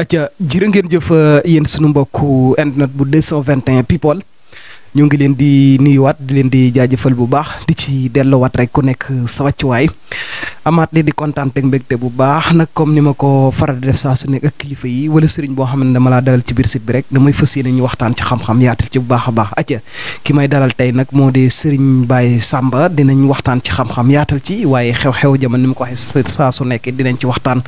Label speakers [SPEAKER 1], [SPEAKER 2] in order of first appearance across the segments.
[SPEAKER 1] acca jërë ngeen jëf euh, yéen sunu mbokku internet bu 221 people ñoo ngi leen di nuyuwaat di leen di jaajëfal bu baax di ci delluwaat rek ku nekk sa wàccuwaay amaat li di kontaan ak mbégte bu baax nag comme ni ma ko faral di def saa su nekk ak kilifa yi wala sëriñ boo xam ne dama laa dalal ci biir site bi rek damay fas yéene ñu waxtaan xam-xam yaatal ci bu baax a baax acca ki may dalal tey nag moo di sëriñ Baye Samba dinañ waxtaan ci xam yaatal ci waaye xew-xew jamono ni ma ko saa su nekk dinañ ci waxtaan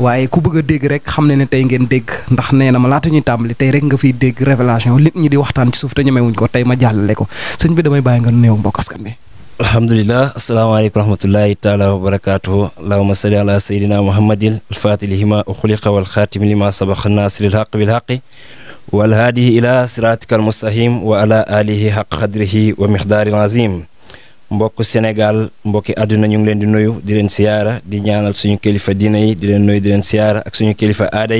[SPEAKER 1] waaye ku bëgg a dégg rek xam ne ne tey ngeen dégg ndax nee na ma laata ñuy tàmbali tey rek nga fiy dégg révélation nit ñi di waxtaan ci suuf te ñemewuñ ko tey ma jàllale ko sëñ bi damay bàyyi nga nuyu mbokk askan bi alhamdulilah asalaamaaleykum rahmatullahi
[SPEAKER 2] taala wa barakaatuhu allahuma salli ala sayidina muhammadin alfatili hima uxuliqa walxaatimi lima sabax naasiril xaq bilxaqi walhaadihi ila siraatika almustahim wa ala alihi xaq xadrihi wa mixdaari azim mbokk sénégal mbokki àdduna ñu ngi leen di nuyu di leen siyaara di ñaanal suñu kilifa diina di leen nuyu di leen siyaara ak suñu kilifa aada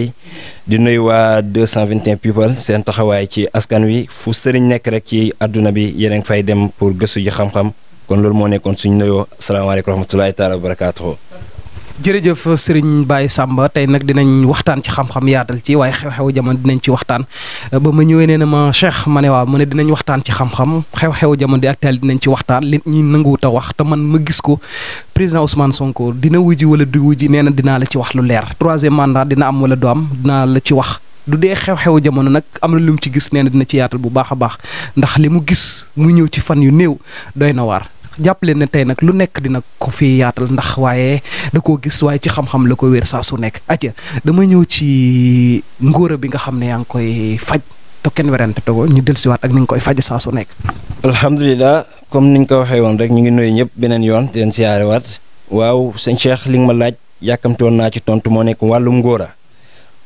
[SPEAKER 2] di nuyu waa 221 people seen taxawaay ci askan wi fu sëriñ nekk rek ci àdduna bi yéen a ngi fay dem pour gëstu ji kon loolu moo nekkoon suñ nuyoo salaamaaleykum wa rahmatulahi taala wa barakaatuhu
[SPEAKER 1] jërëjëf sëriñ bàyyi sàmba tey nag dinañ waxtaan ci xam-xam yaatal ci waaye xew-xew jamono dinañ ci waxtaan ba ma ñëwee nee na ma Cheikh ma ne waaw mu ne dinañ waxtaan ci xam xew-xew jamono di actualité dinañ ci waxtaan li ñi nanguwut a wax te man ma gis ko président Ousmane Sonko dina wuji wala du wuji nee na dinaa la ci wax lu leer troisième mandat dina am wala du am dinaa la ci wax du dee xew-xew jamono nag am na lu mu ci gis nee na dina ci yaatal bu baax a baax ndax li mu gis mu ñëw ci fan yu néew doy na waar jàpp leen ne tey nag lu nekk dina ko fi yaatal ndax waaye da koo gis waaye ci xam-xam la ko wéer saa su nekk. atia dama ñëw ci ngóora bi nga xam ne yaa ngi koy faj te kenn werante togo ñu dellusiwaat ak ni nga koy faj saa su nekk.
[SPEAKER 2] alhamdulilah comme niñ ko waxee woon rek ñu ngi nuyu ñëpp beneen yoon di leen waat waaw sëñ Cheikh li nga ma laaj yàkkamti woon naa ci tontu moo nekk wàllum ngóora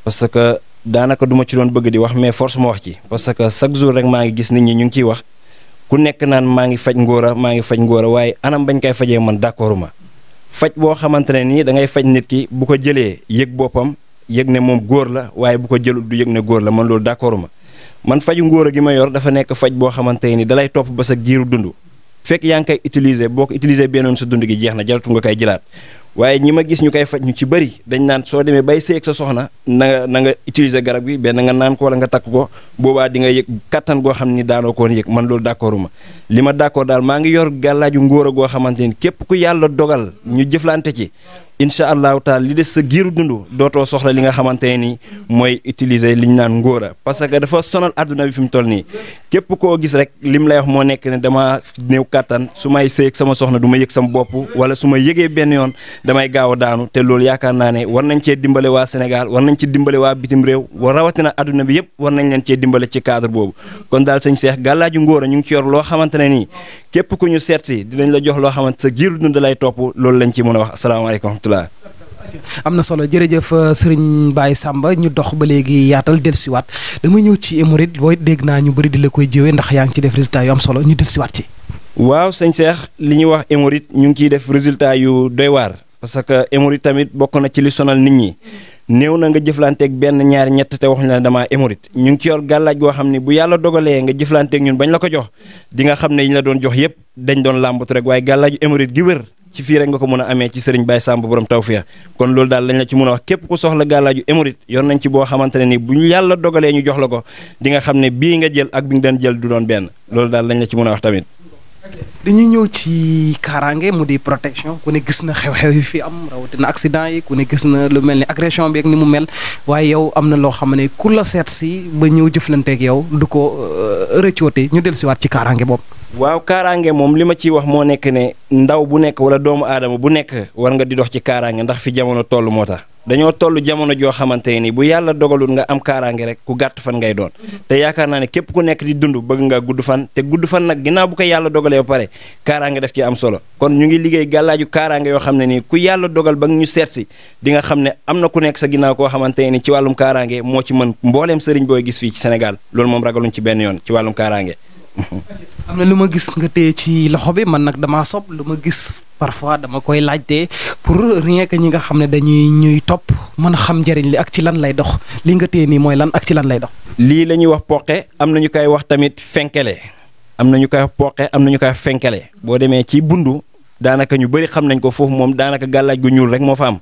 [SPEAKER 2] parce que daanaka duma ci doon bëgg di wax mais force ma wax ci parce que chaque jour rek maa ngi gis nit ñi ñu ngi ciy wax. ku nekk naan maa ngi faj ngóora maa ngi faj ngóora waaye anam bañ koy fajee man d'accordu ma faj boo xamante ne nii da ngay faj nit ki bu ko jëlee yëg boppam yëg ne moom góor la waaye bu ko jëlul du yëg ne góor la man loolu d'accordu ma man faju ngóora gi ma yor dafa nekk faj boo xamante ni dalay topp ba sa giiru dund fekk yaa ngi koy utiliser boo ko utiliser beneen sa dund gi jeex na jaratu nga koy jëlaat waaye ñi ma gis ñu koy faj ñu ci bëri dañu naan soo demee bay seeg sa soxna na na nga utiliser garab gi benn nga naan ko wala nga takk ko boobaa di nga yëg kattan goo xam ni daanoo koon yëg man loolu d'accordu ma li ma d'accord daal maa ngi yor gàllaaju ngóor goo xamante ni képp ku yàlla dogal ñu jëflante ci incha allahu taala li des sa giiru dund dootoo soxla li nga xamante ne ni mooy utiliser li ñu naan ngóora parce que dafa sonal àdduna bi fi mu toll nii képp koo gis li mu lay wax moo nekk ne dama néew kàttan su may sëyeeg sama soxna du ma yëg sama bopp wala su ma yëgee benn yoon damay gaaw a daanu te loolu yaakaar naa ne war nañ cee dimbale waa Sénégal war nañ ci dimbale waa bitim réew rawatina àdduna bi yëpp war nañ leen cee dimbale ci cadre boobu kon daal sëñ Seex gàllaaju ngóora ñu ngi ci yor loo xamante ne nii képp ku ñu seet dinañ la jox loo xamante sa giiru dund lay topp loolu lañ ci mën a wax rahmatullah
[SPEAKER 1] am na solo jërëjëf euh, sëriñ baay Samba ñu dox ba léegi yaatal dellusiwaat dama ñëw ci émouride booy dégg naa ñu bari di la koy jiwee ndax yaa ngi ci def résultat yu solo ñu dellusiwaat ci.
[SPEAKER 2] waaw sëñ Cheikh li ñuy wax émouride ñu ngi ciy def résultat yu doy waar parce que émouride tamit bokk na ci li sonal nit ñi. néew na nga jëflanteeg benn ñaari ñett te waxuñu la damaa émorit ñu ngi ci yor gàllaaj goo xam ne bu yàlla dogalee nga jëflanteeg ñun bañ la ko jox di nga xam ne yi ñu la doon jox yëpp dañ doon làmbatu rek waaye gàllaaju émorit gi wér ci fii rek nga ko mën a amee ci sëriñ Baye Samb borom tawféex kon loolu daal lañ la ci mën a wax képp ku soxla gàllaaju émorit yor nañ ci boo xamante ne ni bu ñu yàlla dogalee ñu jox la ko di nga xam ne bii nga jël ak bi nga daan jël du doon benn loolu daal lañ la ci mën a wax tamit
[SPEAKER 1] dañuy ñëw ci kaaraange mu di protection ku ne gis na xew-xew yi fi am rawatina accident yi ku ne gis na lu mel ni agression bi ak ni mu mel waaye yow am na loo xam ne ku la seet si ba ñëw jëflanteeg yow du ko euh, rëccoote ñu dellusiwaat ci kaaraange boobu
[SPEAKER 2] waaw kaaraange moom li ma ciy wax moo nekk ne ndaw bu nekk wala doomu aadama bu nekk war nga di dox ci kaaraange ndax fi jamono tollu moo tax dañoo toll jamono joo xamante ni bu yàlla dogalul nga kaaraange rek ku gàtt fan ngay doon mm-hmm. te yaakaar naa ne képp ku nekk di dund bëgg nga gudd fan te gudd fan nag bu ko yàlla dogalee ba pare kaaraange daf ci am solo kon ñu ngi liggéey gàllaaju kaaraange yoo xam ne nii ku yàlla dogal ba ñu seet si di nga xam ne am na ku nekk sa ginnaaw koo xamante ni ci wàllum kaaraange moo ci mën mbooleem sëriñ booy gis fii ci Sénégal loolu moom ragaluñ ci benn yoon ci wàllum kaaraange
[SPEAKER 1] am na lu ma gis nga téye ci loxo bi man nag damaa sob lu ma gis parfois dama koy laajte pour rien que ñi nga xam ne dañuy ñuy topp mën a xam njëriñ li ak ci lan lay dox li nga téye nii mooy lan ak ci lan lay dox.
[SPEAKER 2] lii la ñuy wax poqe am nañu ñu koy wax tamit fenkele am nañu ñu koy wax poqe am nañu ñu fenkele boo demee ci bundu daanaka ñu bëri xam nañ ko foofu moom daanaka gàllaaj gu ñuul rek moo fa am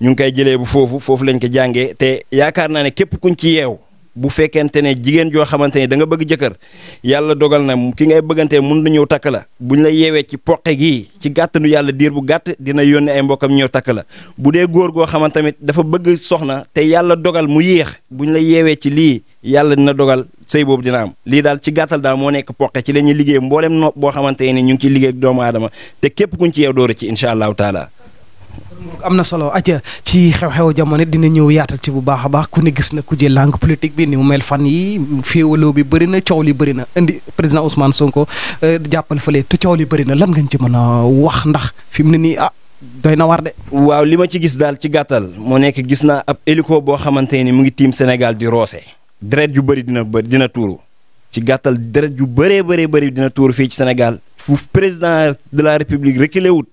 [SPEAKER 2] ñu ngi koy jëlee bu foofu foofu lañ ko jàngee te yaakaar naa ne képp kuñ ci yeew bu fekkente ne jigéen joo xamante ne da nga bëgg jëkkër yàlla dogal na ki ngay bëggantee mun na ñëw takk la bu ñu la yeewee ci poqe gi ci gàttanu yàlla diir bu gàtt dina yónni ay mbokkam ñëw takk la bu dee góor goo xamante tamit dafa bëgg soxna te yàlla dogal mu yéex bu ñu la yeewee ci lii yàlla dina dogal sëy boobu dina am lii daal ci gàttal daal moo nekk poqe ci la ñuy liggéey mboolem nopp boo xamante ne ñu ngi ci liggéey ak doomu aadama te képp kuñ ci yeew dóora ci incha allahu taala
[SPEAKER 1] am na solo aja ci xew-xew jamono dina ñëw yaatal ci bu baax a baax ku ne gis na ku jël langue politique bi ni mu mel fan yi féewaloo bi bëri na coow li bëri na indi président Ousmane Sonko euh, jàppal fële te coow li bëri na lan ngeen ci mën a wax ndax fi mu ne nii ah doy na war de.
[SPEAKER 2] waaw li ma ci gis daal ci gàttal moo nekk gis naa ab hélico boo xamante ni mu ngi tiim Sénégal di roose. deret yu bëri dina bëri dina tuuru ci gàttal deret yu bëree baree bëri dina tuuru fii ci Sénégal fu président de la république reculé wut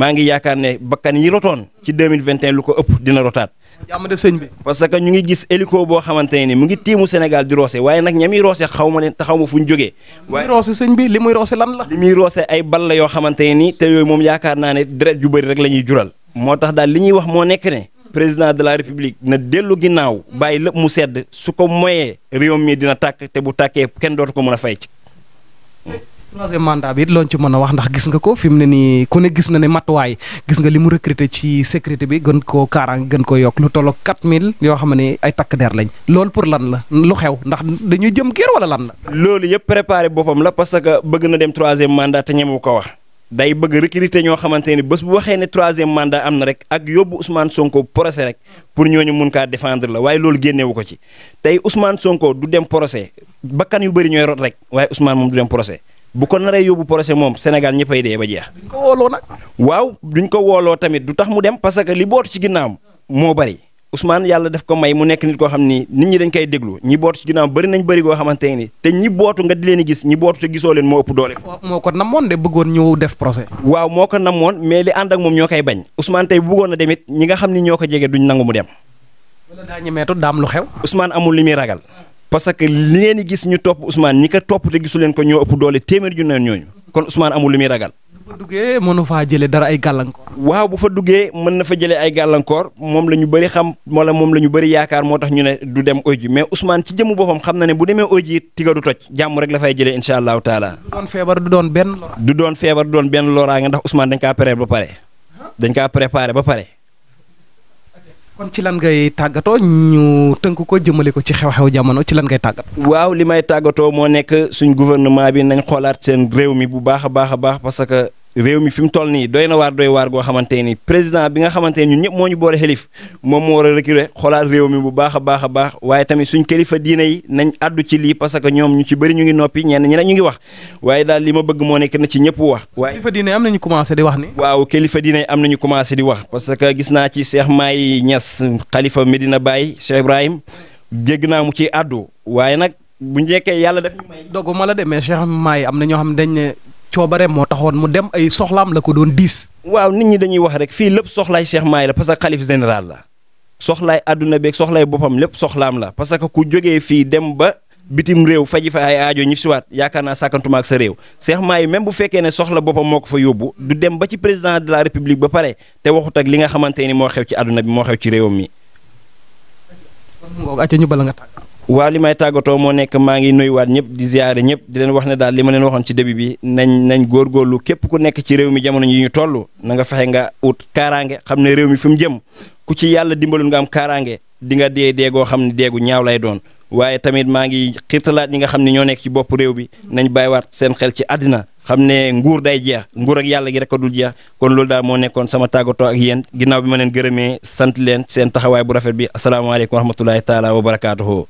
[SPEAKER 2] maa ngi yaakaar ne bakkan yi rotoon ci vingt 2021 lu ko ëpp dina rotaat. jàmm def parce que ñu ngi gis hélico boo xamante ne ni mu ngi tiimu Sénégal di roose waaye nag ña muy roose xaw ne leen te xaw ma fu ñu jógee. waaye li muy roose sëñ bi li muy roose lan la. li muy ay bal la yoo xamante ne ni te yooyu moom yaakaar naa ne deret ju bëri rek la ñuy jural. moo tax daal li ñuy wax moo nekk ne. président de la république na dellu ginnaaw bàyyi lépp mu sedd su ko moyee réew mi dina tàkk te bu tàkkee kenn dootu ko mën a fay
[SPEAKER 1] troisième mandat bi it looñ ci mën a wax ndax gis nga ko fi mu ne nii ku ne gis na ne matuwaay gis nga li mu recruter ci sécurité bi gën koo kaaraan gën ko yokk lu tolloog mille yoo xam ne ay takk der lañ loolu pour lan la lu xew ndax dañuy jëm kër wala lan la.
[SPEAKER 2] loolu yëpp préparé boppam la parce que bëgg na dem troisième mandat te ñemewu ko wax. day bëgg recruter ñoo xamante ne bés bu waxee ne troisième mandat am na rek ak yóbbu Ousmane Sonko pro rek pour ñooñu mun kaa défendre la waaye loolu génnewu ko ci tey Ousmane Sonko du dem procès bakkan yu bëri ñooy rot rek waaye Ousmane moom du dem bu ko naree yóbbu procès moom Sénégal ñëppay dee ba jeex. duñ wooloo nag. waaw duñ ko wooloo tamit du tax mu dem parce que li bootu ci ginnaawam moo bari Ousmane yàlla def ko may mu nekk nit koo xam ni nit ñi dañ koy déglu ñi bootu ci ginnaaw bari nañ bari goo xamante ni te ñi bootu nga di leen gis ñi bootu te gisoo leen moo ëpp doole.
[SPEAKER 1] moo ko namoon de bëggoon ñu def procès.
[SPEAKER 2] waaw moo ko namoon mais li ànd ak moom ñoo koy bañ Ousmane tey bëggoon na demit ñi nga xam ni ñoo ko jege duñ nangu mu dem.
[SPEAKER 1] wala daa ñemeetu daam lu
[SPEAKER 2] xew. Ousmane amul li muy ragal parce que li ngeen di gis ñu topp Ousmane ñi ko topp te gisuleen leen ko ñoo ëpp doole téeméer ju neen ñooñu kon Ousmane amul lu muy ragal.
[SPEAKER 1] bu fa faa jëlee dara ay gàllankoor.
[SPEAKER 2] waaw bu fa duggee mën na fa jëlee ay gàllankoor moom la ñu bëri xam wala moom la ñu bëri yaakaar moo tax ñu ne du dem oji mais Ousmane ci jëmu boppam xam na ne bu demee oji tiga du toj jàmm rek la fay jëlee incha allahu taala. du doon feebar du doon benn loraange. du feebar doon benn loraange ndax Ousmane dañ kaa préparé ba pare dañ kaa préparé ba pare
[SPEAKER 1] kon ci lan ngay tàggatoo ñu tënk ko jëmale ko ci xew-xew jamono ci lan ngay tàggatoo.
[SPEAKER 2] waaw li may tàggatoo moo nekk suñ gouvernement bi nañ xoolaat seen réew mi bu baax a baax a baax parce que réew mi fi mu toll nii doy na waar doy waar goo xamante ni président bi nga xamante ni ñun ñëpp moo ñu boole xelif moom moo war a reculer réew mi bu baax a baax a baax waaye tamit suñ kilifa diine yi nañ àddu ci lii parce que ñoom ñu ci bëri ñu ngi noppi ñenn ñu ngi wax waaye daal li ma bëgg moo nekk na ci ñëpp wax. waaye kilifa diine am nañu commencé di di wax parce que gis naa ci Cheikh Maye Niass xalifa Medina Baye Cheikh Ibrahim jégg naa mu
[SPEAKER 1] coobare moo taxoon mu dem ay soxlaam la ko doon diis. waaw nit ñi dañuy
[SPEAKER 2] wax rek fii lépp soxlaay Cheikh Mahi la parce que xalif général la soxlaay àdduna beeg soxlaay boppam lépp soxlaam la parce que ku jógee fii dem ba. bitim réew faji fa ay aajo ñu siwaat yaakaar naa sàkkantuma ak sa réew Cheikh Mahi même bu fekkee ne soxla boppam moo ko fa yóbbu du dem ba ci président de la république ba pare te waxut ak li nga xamante ni moo xew ci àdduna bi moo xew ci réewam mi.
[SPEAKER 1] ñu bala nga tàgg
[SPEAKER 2] waaw li may tàggatoo moo nekk maa ngi nuyuwaat ñëpp di ziare ñëpp di leen wax ne daal li ma leen waxoon ci début bi nañ nañ góorgóorlu képp ku nekk ci réew mi jamono ñi ñu toll na nga fexe nga ut kaaraange xam ne réew mi fi mu jëm ku ci yàlla dimbalul nga am kaaraange di nga dee deegoo xam ne deegu ñaaw lay doon waaye tamit maa ngi xiirtalaat ñi nga xam ne ñoo nekk ci bopp réew bi nañ bàyyiwaat seen xel ci àddina xam ne nguur day jeex nguur ak yàlla gi rek a dul kon loolu daal moo nekkoon sama tàggatoo yéen ginnaaw bi ma leen gërëmee sant leen taxawaay bu rafet bi asalaamaaleykum wa rahmatulahi taala wa